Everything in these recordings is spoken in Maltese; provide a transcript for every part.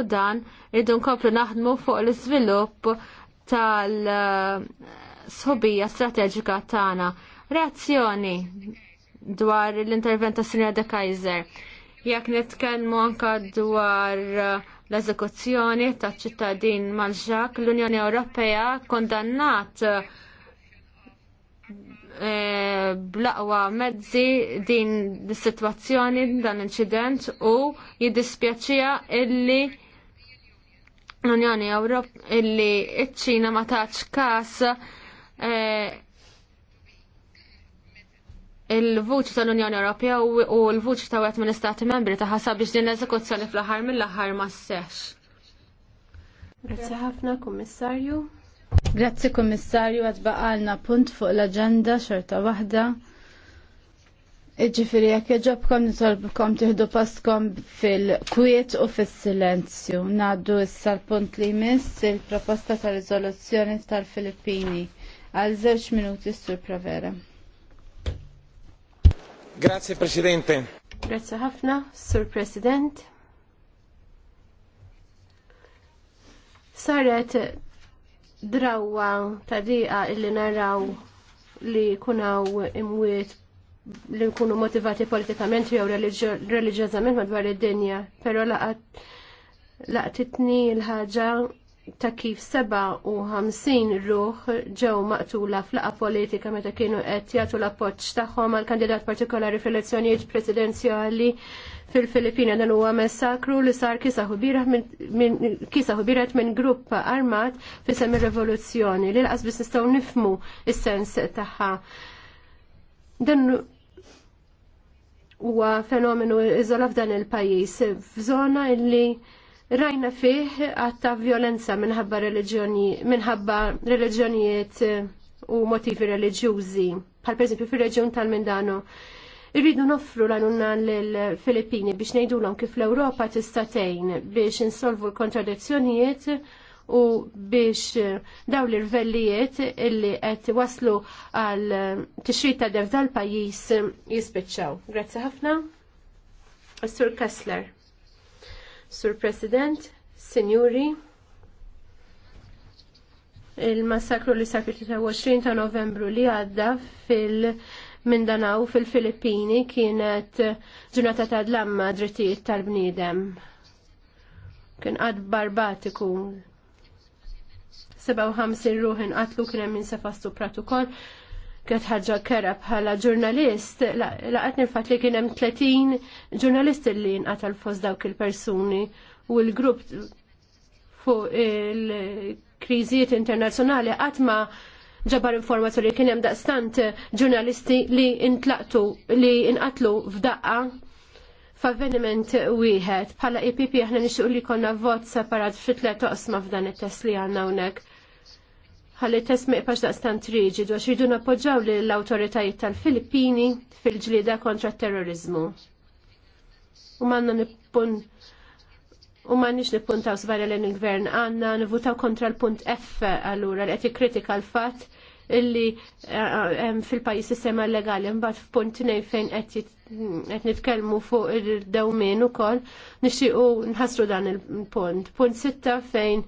U dan irridu nkomplu naħdmu fuq l-iżvilupp tal-sħobija eh, strateġika tagħna. Reazzjoni dwar l-intervent ta' Sinja De Kaiser. Jekk nitkellmu anka dwar eh, l-eżekuzzjoni ta' ċittadin Malġak, l-Unjoni Ewropea kondannat e, blaqwa mezzi din is-sitwazzjoni dan l-inċident u jiddispjaċija illi l-Unjoni Ewrop illi iċ-Ċina ma taċ kas eh, il-vuċi tal-Unjoni Ewropea u l-vuċi ta' għet minn istati membri ta' ħasab biex din l-eżekuzzjoni fl-ħar mill-ħar ma' s-sex. Grazie ħafna, Kummissarju. Grazie, Kummissarju għad baqalna punt fuq l-agenda xorta wahda. Ġifiri, jek jġobkom nitolbkom tiħdu postkom fil-kwiet u fil-silenzju. Naddu issa l-punt li jmiss il-proposta ta' rizoluzzjoni tal-Filippini. Għal żewġ minuti sur provera. Grazie, Presidente. Grazie ħafna, Sur President. Saret drawa tadiqa illi naraw li kunaw imwiet li nkunu motivati politikament jew reliġjożament madwar id-dinja, però laqat laqtitni l-ħaġa ta' kif seba' u ħamsin ruħ ġew maqtula flaqa politika meta kienu qed jagħtu l-appoġġ tagħhom għal kandidat partikolari fil-elezzjonijiet presidenzjali fil-Filippina dan huwa messakru li sar kisa ħubiret minn grupp armat fi semi revoluzzjoni li l biss nistgħu nifmu is-sens tagħha. Dan huwa fenomenu iżola f'dan il-pajjiż f'żona illi rajna fih għatta violenza minħabba reliġjoni minħabba reliġjonijiet u motivi reliġjużi bħal pereżempju fir-reġjun tal-Mindano. Irridu noffru l-għanunna l-Filippini biex ngħidulhom kif l-Ewropa tista' tgħin biex insolvu l-kontradizzjonijiet u biex eh, daw l-irvellijiet illi għet waslu għal eh, tixrid ta' def dal-pajjiż eh, jispiċċaw. Grazzi ħafna. Sur Kessler. Sur President, Sinjuri, il-massakru li sar 23 ta' novembru li għadda fil- Mindanaw fil-Filippini kienet ġurnata ta' dlamma drittijiet tal-bniedem. Kien għad barbatiku 57 għatlu kienem kien hemm pratu pratukoll. Kret ħaġa kera bħala ġurnalist, laqat nirfat li kien hemm 30 ġurnalist li nqatal fost dawk il-persuni u l-grupp fuq il-kriżijiet internazzjonali qatt ma ġabar informazzjoni kien hemm daqstant ġurnalisti li intlaqtu li inqatlu f'daqqa f'avveniment wieħed. Bħala IPP e aħna nixtieq li jkollna vot separat fi tliet toqsma f'dan it-test li għandna hawnhekk ħalli tesmiq pax daqstan triġi dwar xridu napoġġaw li l tal-Filippini fil-ġlida kontra terrorizmu. U manna nippun U ma nix nippuntaw sbarja l-gvern għanna nivutaw kontra l-punt F għallura li qed kritika l-fat illi eh, eh, fil-pajis sistema legali mbagħad f'punt nejn fejn qed nitkellmu fuq ir-dewmien ukoll nixtiequ nħassru dan il-punt. Punt sitta fejn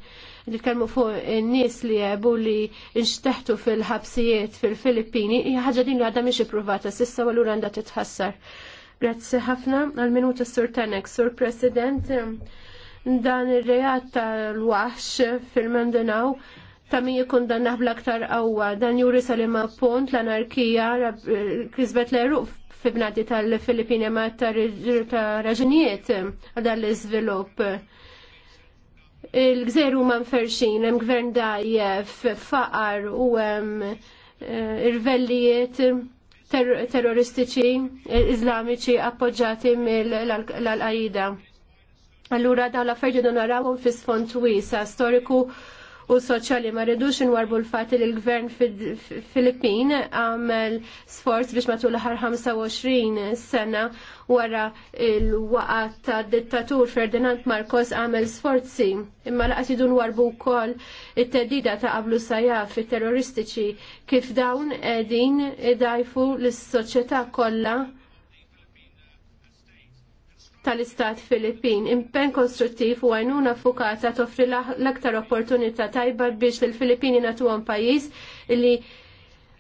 nitkellmu fuq in-nies li jebu li nxteħtu fil-ħabsijiet fil-Filippini hija ħaġa din li għadha mhix ippruvata s'issa u allura għandha titħassar. Grazzi ħafna għal minuta Sur Tanek, Sur President. Dan ir-reat tal-waħx fil mandanaw ta' mi jikun dan naħbla aktar qawwa dan juri salima punt l-anarkija kisbet l-eruq fi bnadi tal-Filippini ma ta' raġunijiet għal dan l-iżvilupp. Il-gżeru ma' mferxin, hemm gvern dajjef, faqar u hemm eh, irvellijiet terroristiċi iżlamiċi appoġġati mill-Al-Qaida. Allura dawn l-affarijiet naraw fi sfond wiesa storiku u soċjali ma rridux inwarbu l-fatt li l-gvern Filippin għamel sforz biex matul l-ħar 25 sena wara l waqgħa ta' dittatur Ferdinand Marcos għamel sforzi imma laqas idu nwarbu wkoll it-tedida ta' qablu sajaf terroristiċi kif dawn qegħdin idajfu l-soċjetà kollha tal-Istat Filippin. Impen konstruttiv u għajnuna fukata toffri l-aktar opportunità tajba biex l-Filippini natu għan pajis li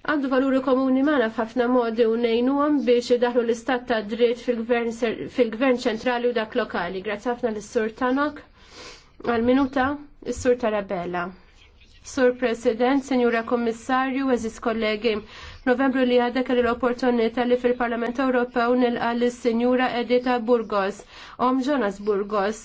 għandu valuri komuni maħna f'ħafna modi u nejnu għan biex daħlu l-Istat ta' dritt fil-Gvern ċentrali u dak lokali. Grazie ħafna l-Sur Tanok. Għal-minuta, l-Sur Tarabella. Sur President, Senjura Kommissarju, Eżis Kollegi, Novembru li għadda kelli l-opportunità li fil-Parlament Ewropew nilqa l-Sinjura Edita Burgos, om Jonas Burgos.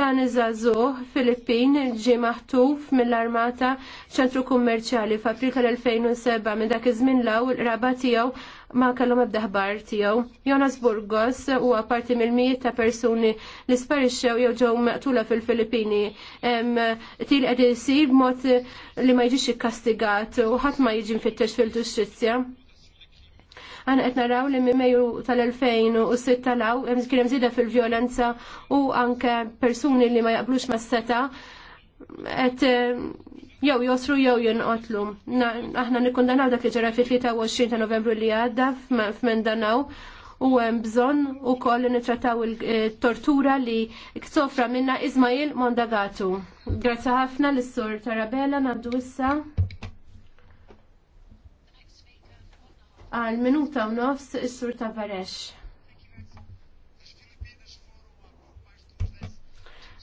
Dan iżazu Filippin ġi maħtuf mill-armata ċentru kummerċjali f'Aprika l-2007 minn dak iż-żmien l-awl rabatijaw tiegħu ma kellhom ebda ħbar tiegħu. Jonas Burgos huwa parti mill-mijiet ta' persuni li sparixxew jew ġew meqtula fil-Filippini. Til qed isir b'mod li ma jiġix ikkastigat u ħadd ma jiġi mfittex fil-ġustizzja. Għana qed naraw li minn Mejju tal-2006 talaw kien hemm żieda fil-vjolenza u anke persuni li ma jaqblux mas-seta qed jew josru jew jinqotlu. Aħna nikkundanaw dak li ġara fil 23 ta' Novembru li għadda f'Mendanaw u hemm bżonn ukoll nittrattaw il-tortura eh, li ktofra minna Ismail Mondagatu. Grazzi ħafna lis-Sur Tarabella ngħaddu issa. Għal minuta u nofs is-Sur Tavarex.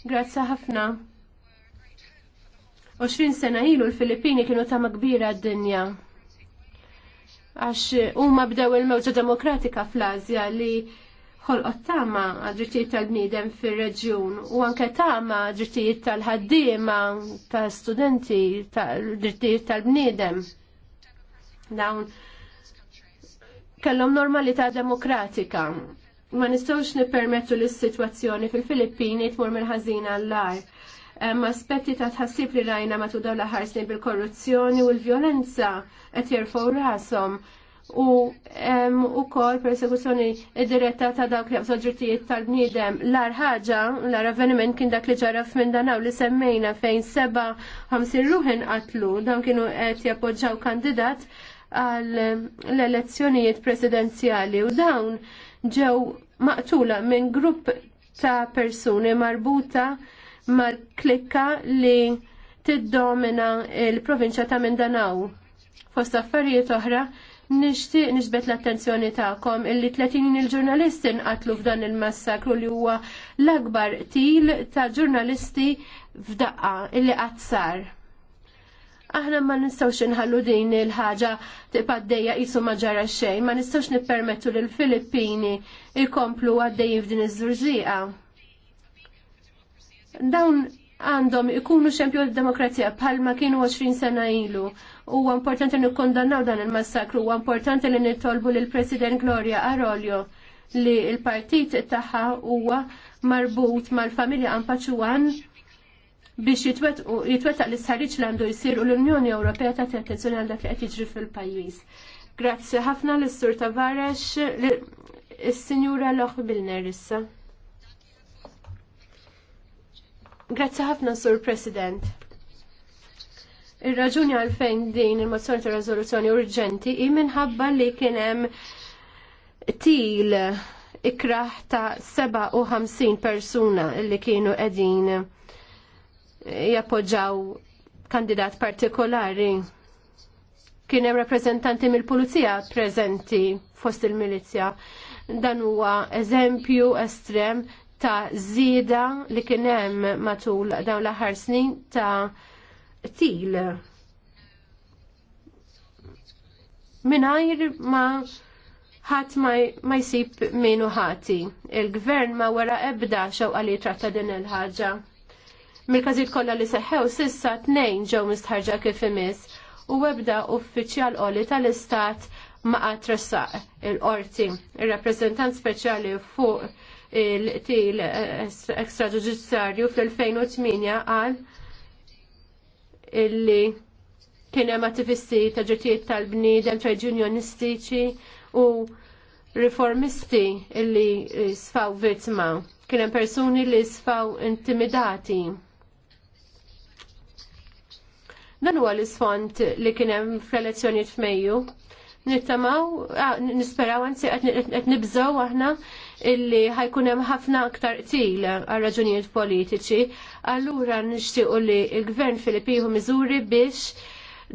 Grazzi ħafna. 20 sena ilu l-Filippini kienu tama kbira d-dinja. Għax huma bdew il-mewġa demokratika fl-Azja li ħolqot tama għadrittijiet tal-bniedem fil-reġjun u anke tama drittijiet tal-ħaddiema, tal-studenti, tal tal-bniedem. Dawn kellhom normalità demokratika. Ma nistgħux nippermettu l sitwazzjoni fil-Filippini tmur mill ħażina għall-lar aspetti ta' tħassib li rajna matu daw laħarsni bil-korruzzjoni u l-violenza qed jerfgħu rashom u u kol persekuzzjoni diretta ta' dawk li soġġurtijiet tal-bniedem. L-ar ħaġa, l-ar avveniment kien dak li ġaraf minn danaw li semmejna fejn seba' ħamsin ruħin qatlu, dawn kienu qed jappoġġaw kandidat għal l-elezzjonijiet presidenzjali u dawn ġew maqtula minn grupp ta' persuni marbuta mal-klikka li tiddomina il-provinċja ta' Mindanao. Fost affarijiet oħra, nixtieq nisbet l-attenzjoni tagħkom illi 30 il-ġurnalisti nqatlu f'dan il-massakru li huwa l-akbar til ta' ġurnalisti f'daqqa illi qatt Aħna ma nistawx inħallu din il-ħaġa tiqpaddeja qisu ma ġara xejn, ma nistawx nippermettu l Filippini ikomplu għaddejjin f'din iż-żurżieqa. Dawn għandhom ikunu xempju l-demokrazija bħalma kienu 20 sena ilu. U importanti kondannaw dan il-massakru, u importanti li nittolbu l president Gloria Arolio li il-partit tagħha huwa marbut mal-familja Ampaċuan biex jitwetaq l-sħarriċ li għandu jisir u l-Unjoni Ewropea ta' attenzjoni għal dak li qed jiġri fil-pajjiż. Grazzi ħafna l-Sur Tavares, is-Sinjura Loħ Bilner issa. Grazzi ħafna, Sur President. Ir-raġuni għalfejn din il-mozzjoni ta' rezoluzzjoni urġenti hi minħabba li kien hemm til ikraħ ta' 57 persuna li kienu qegħdin jappoġġaw kandidat partikolari. Kien hemm rappreżentanti mill-pulizija preżenti fost il-milizja dan huwa eżempju estrem ta' żieda li kien hemm matul dawn l-aħħar snin ta' til minajr ma ħadd ma jsib minu ħati. Il-gvern ma wara ebda xewqa li tratta din il-ħaġa. Mill-każijiet kollha li seħħew sissa tnejn ġew mistħarġa kif imiss u ebda uffiċjal qoli tal-istat ma qatressaq il-qorti. Ir-rappreżentant speċjali fuq il-til ekstraġuġizzarju fl-2008 għal illi kien hemm attivisti ta' ġirtijiet tal-bniedem trade unionistiċi u riformisti illi sfaw vittma. Kien hemm persuni li sfaw intimidati. Dan huwa l-isfond li kien hemm fl-elezzjonijiet f'Mejju. Nittamaw, nisperaw anzi qed nibżgħu aħna illi ħajkun hemm ħafna aktar til għal raġunijiet politiċi, allura nixtiequ li l-Gvern Filippiħu miżuri biex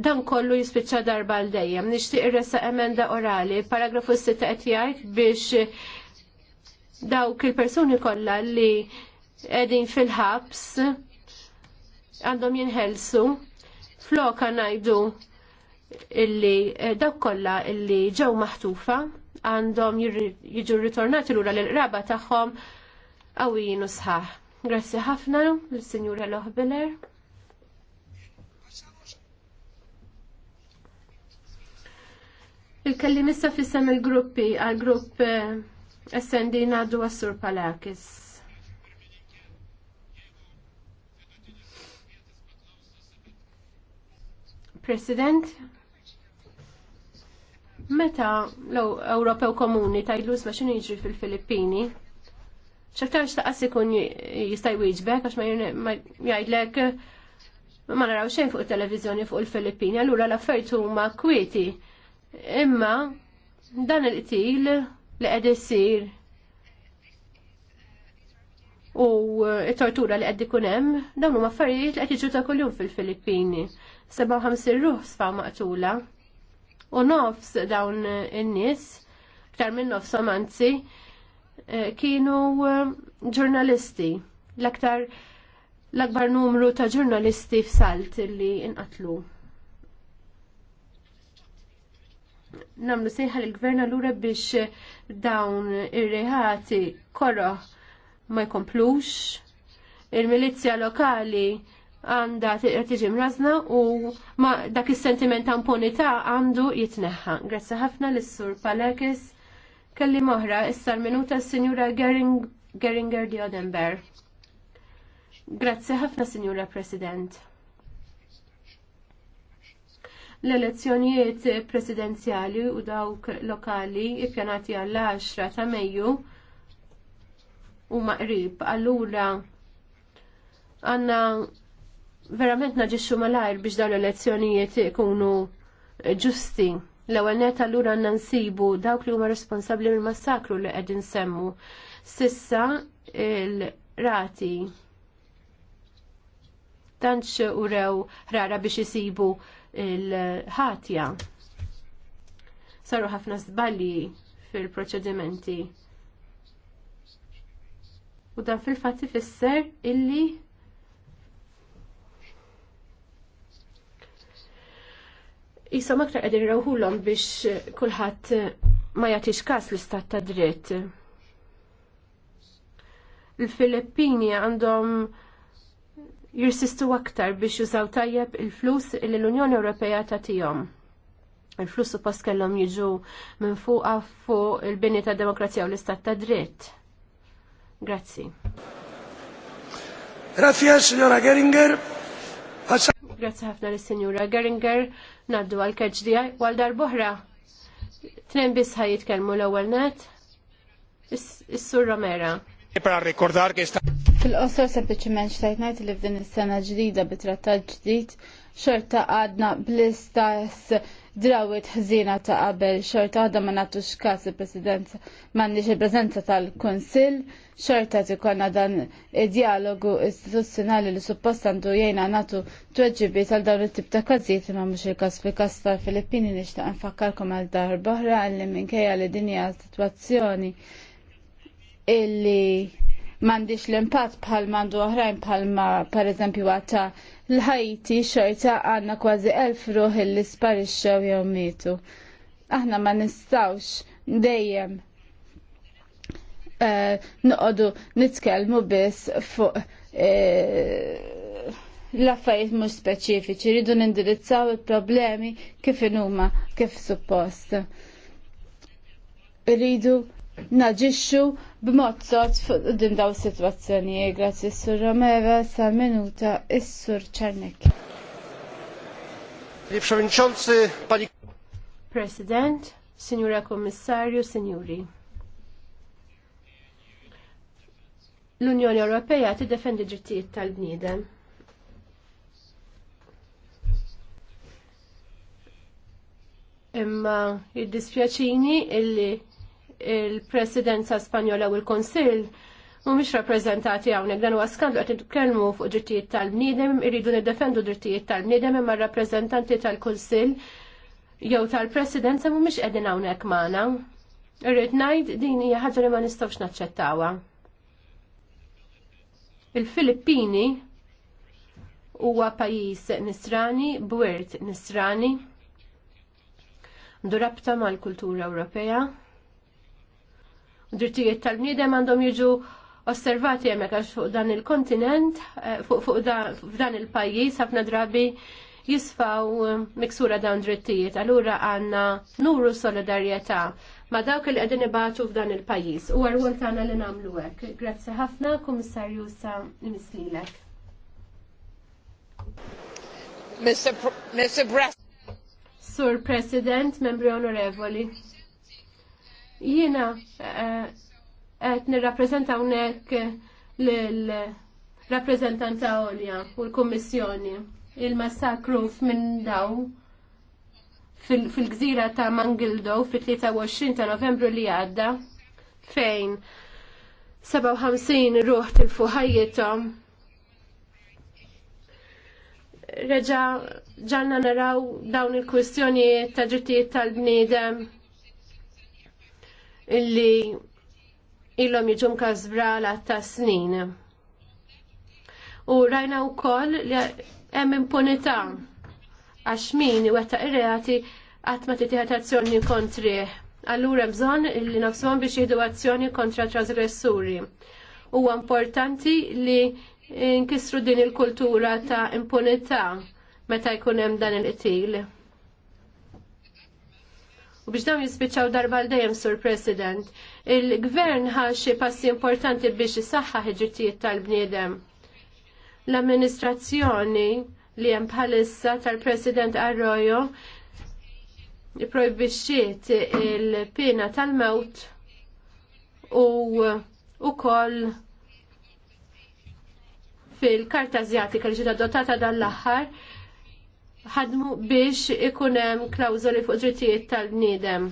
dan kollu jispiċċa darba għal dejjem. Nixtieq irressa emenda orali, paragrafu 6 qed jgħid biex dawk il-persuni kollha li qegħdin fil-ħabs għandhom jinħelsu Floka ngħidu illi eh, dawk kollha illi ġew maħtufa għandhom jiġu ritornati lura l-raba tagħhom għawin u sħaħ. Grazzi ħafna l Signora Lohbiller. Il-kellim issa fissem il-gruppi għal-grupp eh, SND Nadu Assur Palakis. President, Meta l-Ewropew Komuni tajlu ma xinu jiġri fil-Filippini, xaktar xtaqqas ikun jistaj wieġbek għax ma jgħidlek ma naraw xejn fuq il-televizjoni fuq il-Filippini, allura l-affarijiet huma kwieti. Imma dan il-qtil li qed isir u t-tortura li qed ikun hemm, dawn huma affarijiet li qed jiġu ta' kuljum fil-Filippini. 57 ruħ sfa maqtula u nofs dawn in-nies, ktar minn nofs anzi, eh, kienu eh, ġurnalisti. L-aktar l-akbar numru ta' ġurnalisti f'Salt li inqatlu. Namlu sejħa l-gvern allura biex eh, dawn ir-reħati korroħ ma jkomplux, il-milizja lokali għanda tiġi mrazna u ma dak is-sentiment ta' impunità għandu jitneħħa. Grazzi ħafna l sur Palekis kelli moħra issa l-minuta s-Sinjura Geringer di Odenberg. Grazzi ħafna Sinjura President. L-elezzjonijiet presidenzjali u dawk lokali ippjanati għall-10 ta' Mejju u maqrib allura għanna verament naġixxu malajr biex dawn l-elezzjonijiet ikunu ġusti. L-ewwel net allura nsibu dawk li huma responsabbli mill-massakru li qegħdin semmu. Sissa il-rati tantx urew rara biex jisibu il-ħatja. Saru ħafna żbalji fil-proċedimenti. U dan fil-fatt ifisser illi Isa aktar qegħdin rawħulhom biex kulħadd ma jagħtix każ l-istat ta' dritt. Il-Filippini għandhom jirsistu aktar biex jużaw tajjeb il-flus il l-Unjoni Ewropea tijom. Il-flus post kellhom jiġu minn fuq fuq il-bini tad demokrazija u l-istat ta' dritt. Grazzi. Grazie, signora Geringer. Grazie ħafna l-Sinjura Geringer, naddu għal-KHDI, għal darbohra. Tnejn biss ħajit kelmu l-ewwel net. Is-Sur Romera. Para ricordar che sta Fil-qosor sempliciment xtajt najt li f'din is-sena ġdida bi trattat ġdid xorta għadna bl-istess drawit ħżina ta' qabel, xorta għadha ma nagħtux każ il-President m'għandniex il-preżenza tal-Kunsill, xorta tikonna dan id-dialogu istituzzjonali li suppost għandu jgħinha nagħtu tweġibi tal dawn it-tip ta' każijiet ma mhux il-każ fil-każ tal-Filippini nixtaq infakkarkom għal dar boħra għalli minkejja li dinja sitwazzjoni illi mandiċ l-impat bħal mandu oħrajn bħal ma per eżempju għata l-ħajti xorta għanna kważi elf ruħ li sparixxew jew mitu. Aħna ma nistawx dejjem eh, noqodu nitkellmu biss fuq eh, l-affarijiet mhux speċifiċi, rridu nindirizzaw il-problemi kif inhuma kif suppost. Rridu naġixxu b'mod fuq din daw situazzjoni. Grazzi Sur Romeva, sa minuta is-Sur Czarnek. President, Signora Kommissarju, Signori. l-Unjoni Ewropea tiddefendi drittijiet tal-bniedem. Imma jiddispjaċini illi il-presidenza spanjola u l-konsil mhumiex rappreżentati hawnhekk dan huwa skandlu qed nitkellmu fuq drittijiet tal-bniedem, irridu niddefendu drittijiet tal-bniedem imma rappreżentanti tal-Kunsill jew tal-Presidenza mhumiex qegħdin hawnhekk magħna. Irrid ngħid din hija ħaġa li ma nistgħux naċċettawha. Il-Filippini huwa pajjiż nisrani, bwirt nisrani, durabta mal-kultura Ewropea, drittijiet tal-bniedem għandhom jiġu osservati hemmhekk għax fuq dan il-kontinent, eh, fuq dan il-pajjiż ħafna drabi jisfaw eh, miksura dawn drittijiet. Allura għandna nuru solidarieta ma dawk li qegħdin ibatu f'dan il-pajjiż. U għarwol tagħna li nagħmlu hekk. Grazzi ħafna, Kummissarju sa mislilek. Mr. Mr. Sur President, membri onorevoli. Jiena eh, qed nirrappreżenta hawnhekk lill-rappreżentanta għolja u l-Kummissjoni il-massakru minn daw fil-gżira ta' Mangildo fil-23 ta' novembru li għadda fejn 57 ruħ til-fuħajietom reġa ġanna naraw dawn il-kwistjonijiet ta' ġittijiet tal-bnidem illi illom jġum kazbra la ta' snin. U rajna u kol li hemm impunità għax min wetta ir-reati qatt ma titieħed azzjoni kontrih. Allura bżonn li nafsmon biex jihdu azzjoni kontra trasgressuri. Huwa importanti li nkissru din il-kultura ta' impunità meta jkun hemm dan il-qtil. U biex dawn jispiċċaw darba l dejjem Sur President, il-gvern ħaxi xi passi importanti biex isaħħaħ ħiġitijiet tal-bniedem. L-amministrazzjoni li hemm bħalissa tal-President Arroyo projbixxiet il-pena tal-mewt u ukoll fil-karta azjatika li ġiet adottata dan l-aħħar ħadmu biex ikun hemm klawżoli fuq drittijiet tal-bniedem.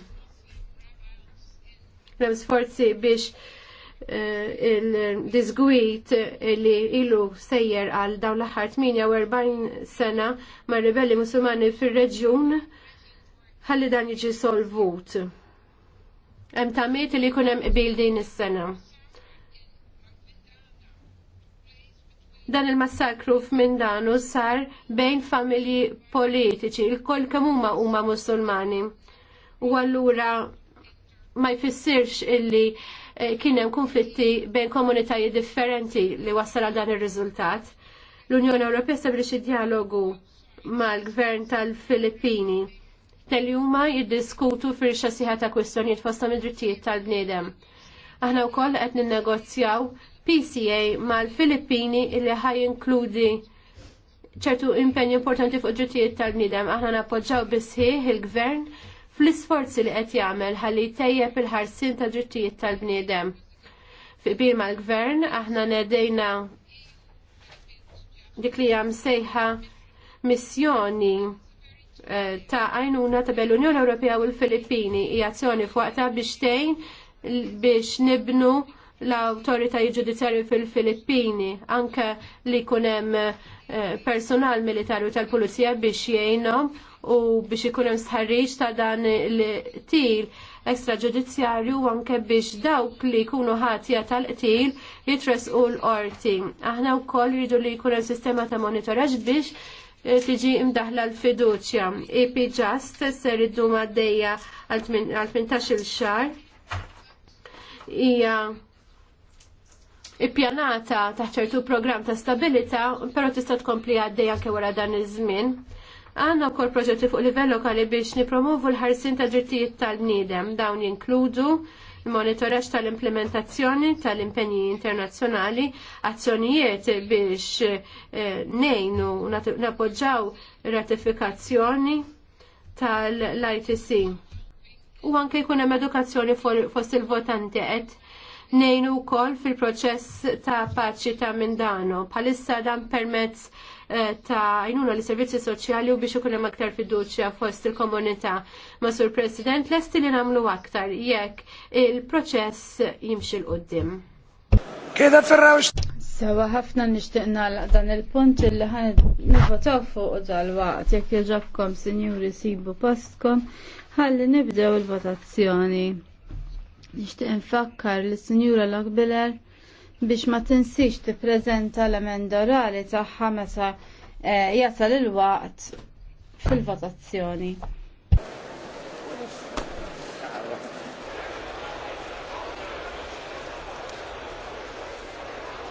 Hemm sforzi biex eh, il-disgwit li ilu sejjer għal dawn l-aħħar 48 sena mar ribelli musulmani fir-reġjun ħalli dan jiġi solvut. Hemm tamiet li jkun hemm qbil din is-sena. dan il-massakru f'min danu sar bejn familji politiċi, il-koll kemm huma huma musulmani. U allura ma jfissirx illi eh, kien hemm konflitti bejn komunitaj differenti li wassal għal dan ir-riżultat. L-Unjoni Ewropea sabriċi dialogu mal-gvern tal-Filippini tal huma jiddiskutu fir siħa ta' kwistjonijiet fosta mid-drittijiet tal-bniedem. Aħna wkoll qed ninnegozjaw PCA mal-Filippini illi ħaj inkludi ċertu impenju importanti fuq ġutijiet tal-nidem, aħna nappoġġaw bisħieħ il-gvern fl-isforzi li qed jagħmel ħalli tejjeb il-ħarsin ta' ġutijiet tal-bniedem. Fi bir mal-gvern aħna nedejna dik li hija sejħa missjoni eh, ta' għajnuna ta' bell-Unjoni Ewropea u l-Filippini hija azzjoni fuqta biex tgħin biex nibnu l autorita ġudizzjarju fil-Filippini anke li kunem eh, personal militarju tal-Pulizija biex jgħinhom u biex ikun hemm sħarriġ ta' dan il-til ekstraġudizzjarju anke biex dawk li jkunu ħatja tal jitres jitresqu l-qorti. Aħna wkoll rridu li jkun hemm sistema ta' monitoraġġ biex eh, tiġi imdaħla l-fiduċja. EP Just ser iddu maddejja għal 18 il xar. Ija ippjanata taħt ċertu programm ta' stabilità, però tista' tkompli għaddej anke wara dan iż-żmien. Għandna wkoll proġetti fuq livell lokali biex nipromovu l-ħarsin ta' drittijiet tal-bniedem. Dawn jinkludu il-monitoraġġ tal-implementazzjoni tal-impenji internazzjonali, azzjonijiet biex ngħinu eh, nejnu napoġġaw ratifikazzjoni tal-ITC. U anke jkun hemm edukazzjoni fost il-votanti qed nejnu kol fil-proċess ta' paċi ta' Mindano. Bħalissa dan permezz eh, ta' jnuna li servizzi soċjali u biex ikun hemm aktar fiduċja fost il-komunità. Ma'Sur President lesti li nagħmlu aktar jekk il-proċess jimxi l qudiem Keda ferrawx. Sewa ħafna nixtieq nagħlaq dan il-punt illi ħan nivotaw fuq dal-waqt jekk jġabkom sinjuri sibu postkom ħalli nibdew il-votazzjoni. Nixtieq infakkar li Sinjura Lockbiller biex ma tinsix tippreżenta l-emenda orali tagħha meta eh, jasal il-waqt fil-votazzjoni.